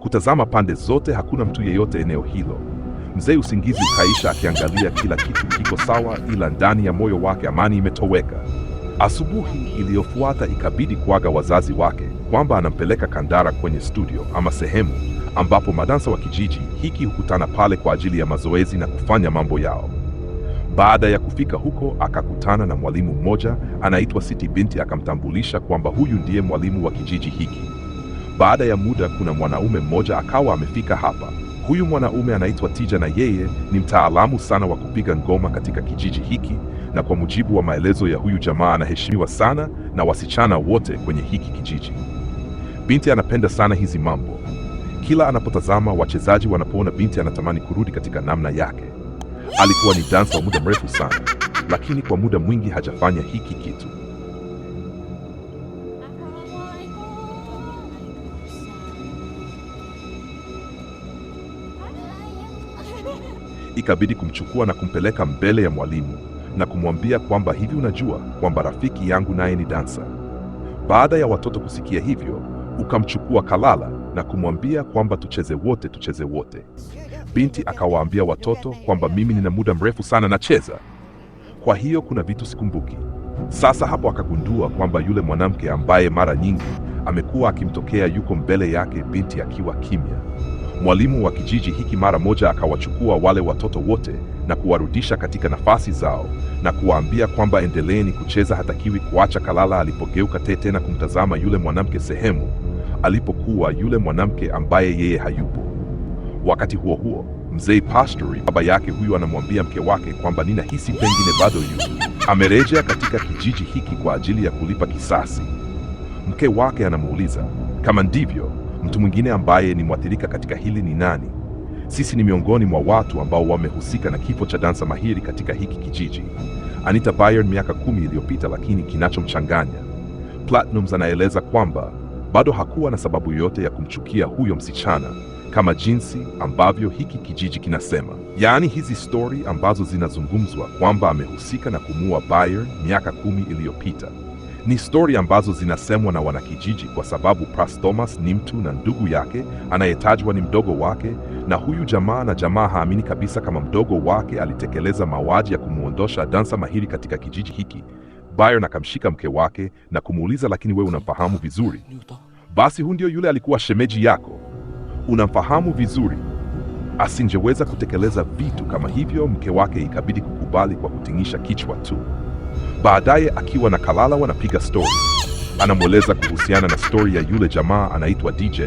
kutazama pande zote, hakuna mtu yeyote eneo hilo. Mzee usingizi ukaisha, akiangalia kila kitu kiko sawa, ila ndani ya moyo wake amani imetoweka. Asubuhi iliyofuata ikabidi kuaga wazazi wake kwamba anampeleka Kandara kwenye studio ama sehemu ambapo madansa wa kijiji hiki hukutana pale kwa ajili ya mazoezi na kufanya mambo yao. Baada ya kufika huko, akakutana na mwalimu mmoja anaitwa Siti Binti, akamtambulisha kwamba huyu ndiye mwalimu wa kijiji hiki. Baada ya muda, kuna mwanaume mmoja akawa amefika hapa. Huyu mwanaume anaitwa Tija na yeye ni mtaalamu sana wa kupiga ngoma katika kijiji hiki, na kwa mujibu wa maelezo ya huyu jamaa, anaheshimiwa sana na wasichana wote kwenye hiki kijiji. Binti anapenda sana hizi mambo. Kila anapotazama wachezaji, wanapoona binti anatamani kurudi katika namna yake. Alikuwa ni dansa wa muda mrefu sana, lakini kwa muda mwingi hajafanya hiki kitu. ikabidi kumchukua na kumpeleka mbele ya mwalimu na kumwambia kwamba hivi unajua kwamba rafiki yangu naye ni dansa. Baada ya watoto kusikia hivyo, ukamchukua Kalala na kumwambia kwamba tucheze wote, tucheze wote. Binti akawaambia watoto kwamba mimi nina muda mrefu sana nacheza, kwa hiyo kuna vitu sikumbuki. Sasa hapo akagundua kwamba yule mwanamke ambaye mara nyingi amekuwa akimtokea yuko mbele yake, binti akiwa kimya. Mwalimu wa kijiji hiki mara moja akawachukua wale watoto wote na kuwarudisha katika nafasi zao na kuwaambia kwamba endeleeni kucheza, hatakiwi kuacha. Kalala alipogeuka tete na kumtazama yule mwanamke sehemu alipokuwa yule mwanamke ambaye yeye hayupo. Wakati huo huo, mzee Pastori baba yake huyu anamwambia mke wake kwamba ninahisi pengine bado yu amerejea katika kijiji hiki kwa ajili ya kulipa kisasi. Mke wake anamuuliza kama ndivyo Mtu mwingine ambaye ni mwathirika katika hili ni nani? Sisi ni miongoni mwa watu ambao wamehusika na kifo cha dansa mahiri katika hiki kijiji, Anita Byron, miaka kumi iliyopita. Lakini kinachomchanganya Platnumz anaeleza kwamba bado hakuwa na sababu yote ya kumchukia huyo msichana kama jinsi ambavyo hiki kijiji kinasema. Yaani, hizi stori ambazo zinazungumzwa kwamba amehusika na kumua Byron miaka kumi iliyopita ni stori ambazo zinasemwa na wanakijiji kwa sababu Pras Thomas ni mtu na ndugu yake anayetajwa ni mdogo wake, na huyu jamaa na jamaa haamini kabisa kama mdogo wake alitekeleza mauaji ya kumwondosha dansa mahiri katika kijiji hiki. Byron akamshika mke wake na kumuuliza, lakini wewe unamfahamu vizuri? Basi huyu ndio yule alikuwa shemeji yako, unamfahamu vizuri asingeweza kutekeleza vitu kama hivyo. Mke wake ikabidi kukubali kwa kutingisha kichwa tu. Baadaye akiwa na Kalala wanapiga stori, anamweleza kuhusiana na stori ya yule jamaa anaitwa DJ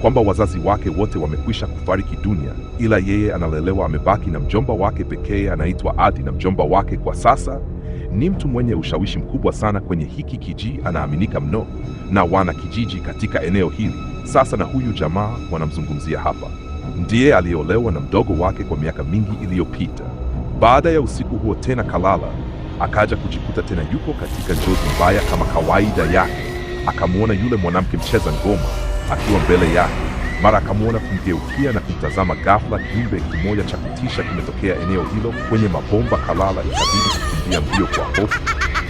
kwamba wazazi wake wote wamekwisha kufariki dunia, ila yeye analelewa amebaki na mjomba wake pekee anaitwa Adi, na mjomba wake kwa sasa ni mtu mwenye ushawishi mkubwa sana kwenye hiki kijiji, anaaminika mno na wana kijiji katika eneo hili. Sasa na huyu jamaa wanamzungumzia hapa, ndiye aliyeolewa na mdogo wake kwa miaka mingi iliyopita. Baada ya usiku huo tena Kalala akaja kujikuta tena yuko katika njozi mbaya kama kawaida yake. Akamwona yule mwanamke mcheza ngoma akiwa mbele yake, mara akamwona kumgeukia na kumtazama. Ghafla kiumbe kimoja cha kutisha kimetokea eneo hilo kwenye mabomba Kalala ikabidi kukimbia mbio kwa hofu,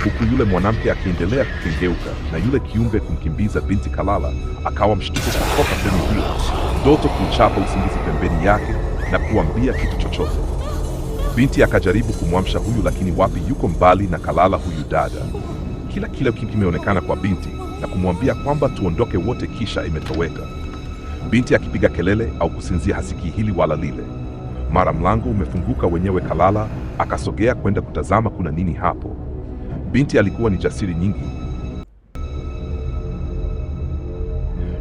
huku yule mwanamke akiendelea kukengeuka na yule kiumbe kumkimbiza binti Kalala. Akawa mshtuko kutoka sehemu hiyo, ndoto kuchapa usingizi pembeni yake na kuambia kitu chochote Binti akajaribu kumwamsha huyu, lakini wapi, yuko mbali na kalala huyu dada. Kila kila kimeonekana kwa binti na kumwambia kwamba tuondoke wote, kisha imetoweka. Binti akipiga kelele au kusinzia, hasikii hili wala lile. Mara mlango umefunguka wenyewe, kalala akasogea kwenda kutazama kuna nini hapo. Binti alikuwa ni jasiri nyingi.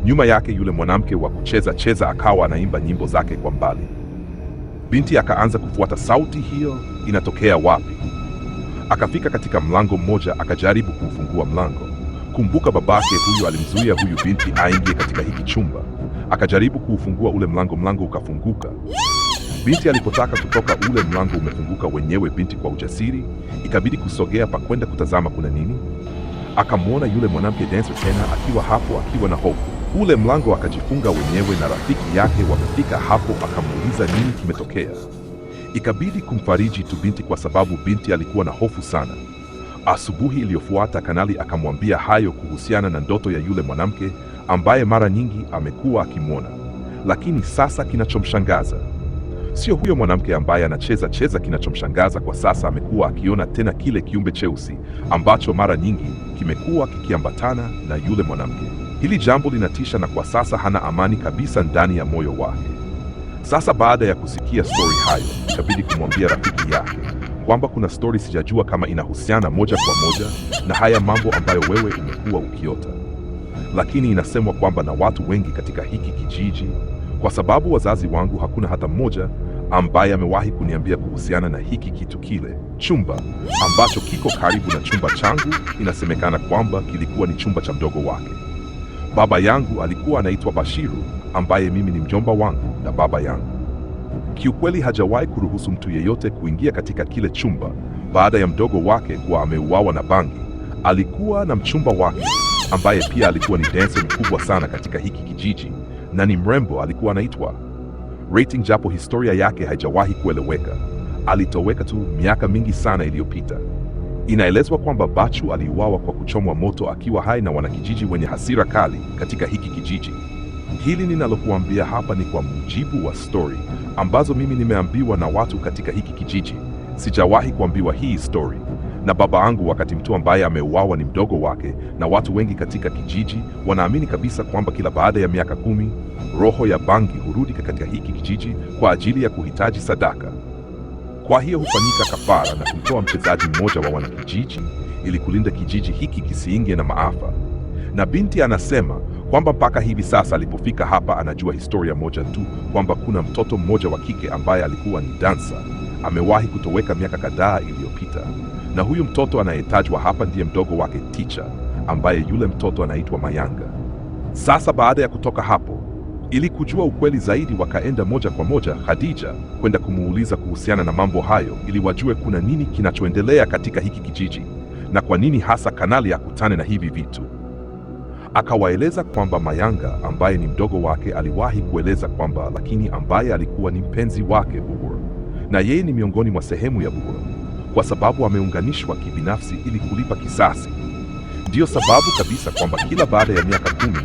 Nyuma yake yule mwanamke wa kucheza cheza akawa anaimba nyimbo zake kwa mbali. Binti akaanza kufuata sauti hiyo inatokea wapi. Akafika katika mlango mmoja, akajaribu kuufungua mlango. Kumbuka, babake huyu alimzuia huyu binti aingie katika hiki chumba. Akajaribu kuufungua ule mlango, mlango ukafunguka. Binti alipotaka kutoka, ule mlango umefunguka wenyewe. Binti kwa ujasiri ikabidi kusogea pa kwenda kutazama kuna nini. Akamwona yule mwanamke dancer tena akiwa hapo, akiwa na hofu Ule mlango akajifunga wenyewe, na rafiki yake wamefika hapo, akamuuliza nini kimetokea. Ikabidi kumfariji tu binti kwa sababu binti alikuwa na hofu sana. Asubuhi iliyofuata kanali akamwambia hayo kuhusiana na ndoto ya yule mwanamke ambaye mara nyingi amekuwa akimwona, lakini sasa kinachomshangaza sio huyo mwanamke ambaye anacheza cheza. Kinachomshangaza kwa sasa amekuwa akiona tena kile kiumbe cheusi ambacho mara nyingi kimekuwa kikiambatana na yule mwanamke. Hili jambo linatisha, na kwa sasa hana amani kabisa ndani ya moyo wake. Sasa baada ya kusikia stori hayo, ikabidi kumwambia rafiki yake kwamba kuna stori sijajua kama inahusiana moja kwa moja na haya mambo ambayo wewe umekuwa ukiota, lakini inasemwa kwamba na watu wengi katika hiki kijiji, kwa sababu wazazi wangu hakuna hata mmoja ambaye amewahi kuniambia kuhusiana na hiki kitu. Kile chumba ambacho kiko karibu na chumba changu, inasemekana kwamba kilikuwa ni chumba cha mdogo wake. Baba yangu alikuwa anaitwa Bashiru, ambaye mimi ni mjomba wangu na baba yangu. Kiukweli hajawahi kuruhusu mtu yeyote kuingia katika kile chumba baada ya mdogo wake kuwa ameuawa na bangi. Alikuwa na mchumba wake ambaye pia alikuwa ni dancer mkubwa sana katika hiki kijiji na ni mrembo, alikuwa anaitwa Rating, japo historia yake haijawahi kueleweka. Alitoweka tu miaka mingi sana iliyopita. Inaelezwa kwamba Bachu aliuawa kwa kuchomwa moto akiwa hai na wanakijiji wenye hasira kali katika hiki kijiji. Hili ninalokuambia hapa ni kwa mujibu wa stori ambazo mimi nimeambiwa na watu katika hiki kijiji. Sijawahi kuambiwa hii stori na baba angu, wakati mtu ambaye ameuawa ni mdogo wake, na watu wengi katika kijiji wanaamini kabisa kwamba kila baada ya miaka kumi roho ya bangi hurudi katika hiki kijiji kwa ajili ya kuhitaji sadaka. Kwa hiyo hufanyika kafara na kutoa mchezaji mmoja wa wanakijiji ili kulinda kijiji hiki kisiingie na maafa. Na binti anasema kwamba mpaka hivi sasa alipofika hapa anajua historia moja tu, kwamba kuna mtoto mmoja wa kike ambaye alikuwa ni dansa, amewahi kutoweka miaka kadhaa iliyopita, na huyu mtoto anayetajwa hapa ndiye mdogo wake Ticha, ambaye yule mtoto anaitwa Mayanga. Sasa baada ya kutoka hapo ili kujua ukweli zaidi, wakaenda moja kwa moja Khadija kwenda kumuuliza kuhusiana na mambo hayo, ili wajue kuna nini kinachoendelea katika hiki kijiji na kwa nini hasa kanali akutane na hivi vitu. Akawaeleza kwamba Mayanga ambaye ni mdogo wake aliwahi kueleza kwamba, lakini ambaye alikuwa ni mpenzi wake Bugur, na yeye ni miongoni mwa sehemu ya Bugur kwa sababu ameunganishwa kibinafsi ili kulipa kisasi. Ndiyo sababu kabisa kwamba kila baada ya miaka kumi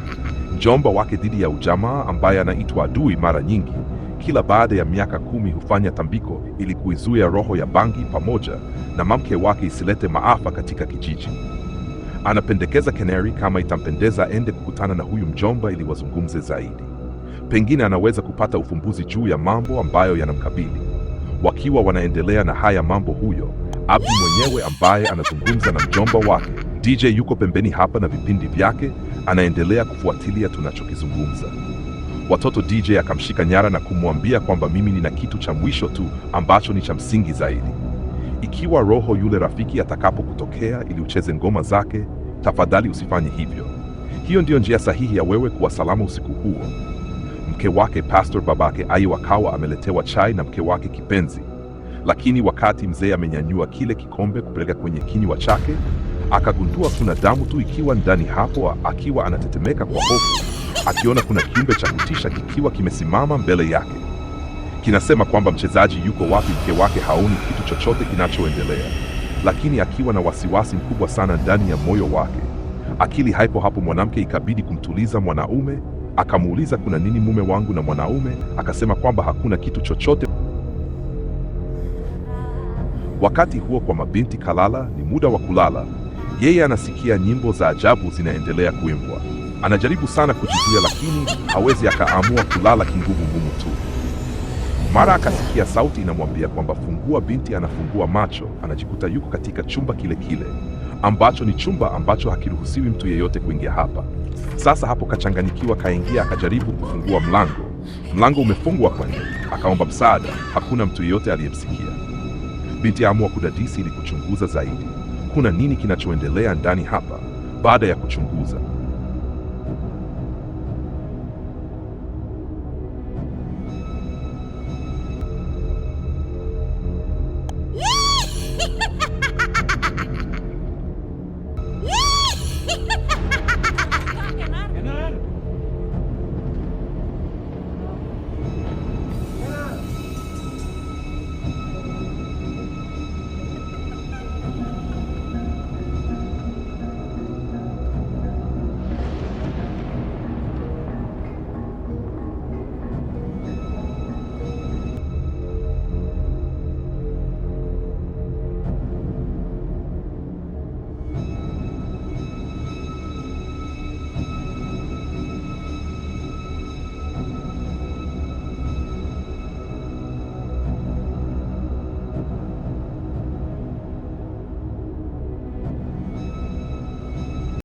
mjomba wake dhidi ya ujamaa ambaye anaitwa adui. Mara nyingi kila baada ya miaka kumi hufanya tambiko ili kuizuia roho ya bangi pamoja na mamke wake isilete maafa katika kijiji. Anapendekeza Canary kama itampendeza aende kukutana na huyu mjomba ili wazungumze zaidi. Pengine anaweza kupata ufumbuzi juu ya mambo ambayo yanamkabili. Wakiwa wanaendelea na haya mambo, huyo Abdi mwenyewe ambaye anazungumza na mjomba wake DJ yuko pembeni hapa na vipindi vyake, anaendelea kufuatilia tunachokizungumza. Watoto DJ akamshika nyara na kumwambia kwamba mimi nina kitu cha mwisho tu ambacho ni cha msingi zaidi. Ikiwa roho yule rafiki atakapokutokea ili ucheze ngoma zake, tafadhali usifanye hivyo. Hiyo ndiyo njia sahihi ya wewe kuwa salama usiku huo. Mke wake Pastor babake Ai wakawa ameletewa chai na mke wake kipenzi, lakini wakati mzee amenyanyua kile kikombe kupeleka kwenye kinywa chake, Akagundua kuna damu tu ikiwa ndani hapo, akiwa anatetemeka kwa hofu, akiona kuna kiumbe cha kutisha kikiwa kimesimama mbele yake. Kinasema kwamba mchezaji yuko wapi, mke wake haoni kitu chochote kinachoendelea, lakini akiwa na wasiwasi mkubwa sana ndani ya moyo wake. Akili haipo hapo, mwanamke ikabidi kumtuliza mwanaume. Akamuuliza kuna nini mume wangu, na mwanaume akasema kwamba hakuna kitu chochote. Wakati huo kwa mabinti kalala, ni muda wa kulala. Yeye anasikia nyimbo za ajabu zinaendelea kuimbwa. Anajaribu sana kujizuia, lakini hawezi, akaamua kulala kinguvu ngumu tu. Mara akasikia sauti inamwambia kwamba fungua. Binti anafungua macho, anajikuta yuko katika chumba kile kile ambacho ni chumba ambacho hakiruhusiwi mtu yeyote kuingia hapa. Sasa hapo kachanganyikiwa, kaingia, akajaribu kufungua mlango. Mlango umefungwa kwa nje, akaomba msaada, hakuna mtu yeyote aliyemsikia. Binti aamua kudadisi ili kuchunguza zaidi kuna nini kinachoendelea ndani hapa. Baada ya kuchunguza